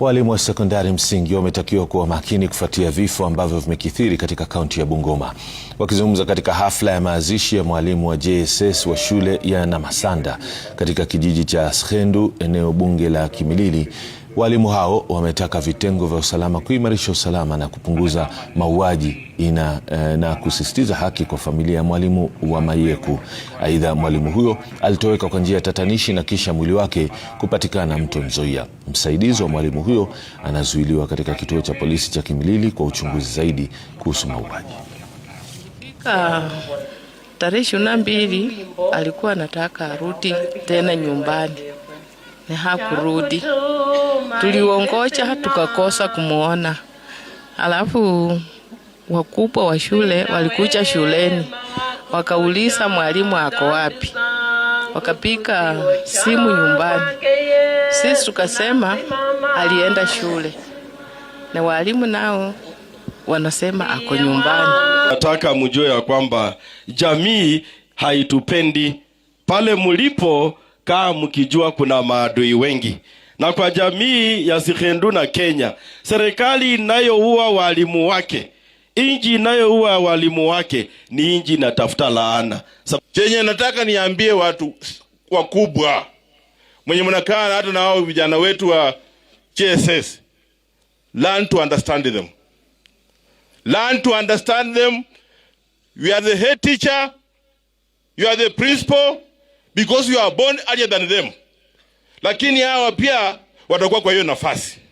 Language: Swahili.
Walimu wa sekondari msingi wametakiwa kuwa makini kufuatia vifo ambavyo vimekithiri katika kaunti ya Bungoma. Wakizungumza katika hafla ya mazishi ya mwalimu wa JSS wa shule ya Namasanda katika kijiji cha Skhendu, eneo bunge la Kimilili, Walimu hao wametaka vitengo vya usalama kuimarisha usalama na kupunguza mauaji ina eh, na kusisitiza haki kwa familia ya mwalimu wa Mayeku. Aidha, mwalimu huyo alitoweka kwa njia ya tatanishi na kisha mwili wake kupatikana mto Nzoia. Msaidizi wa mwalimu huyo anazuiliwa katika kituo cha polisi cha Kimilili kwa uchunguzi zaidi kuhusu mauaji. Tarehe ishirini na mbili alikuwa anataka aruti tena nyumbani na hakurudi. Tuliongoja tukakosa kumuona, alafu wakubwa wa shule walikuja shuleni wakauliza mwalimu ako wapi, wakapika simu nyumbani. Sisi tukasema alienda shule, na walimu nao wanasema ako nyumbani. Nataka mjue ya kwamba jamii haitupendi pale mulipo kaa mkijua kuna maadui wengi. Na kwa jamii ya Sikhendu na Kenya, serikali inayoua walimu wake, inji inayoua walimu wake ni inji inatafuta laana. Chenye nataka niambie watu wakubwa mwenye mnakaa hata na wao vijana wetu wa JSS, learn to understand them, learn to understand them. You are the head teacher, you are the principal because you are born earlier than them, lakini hawa pia watakuwa kwa hiyo nafasi.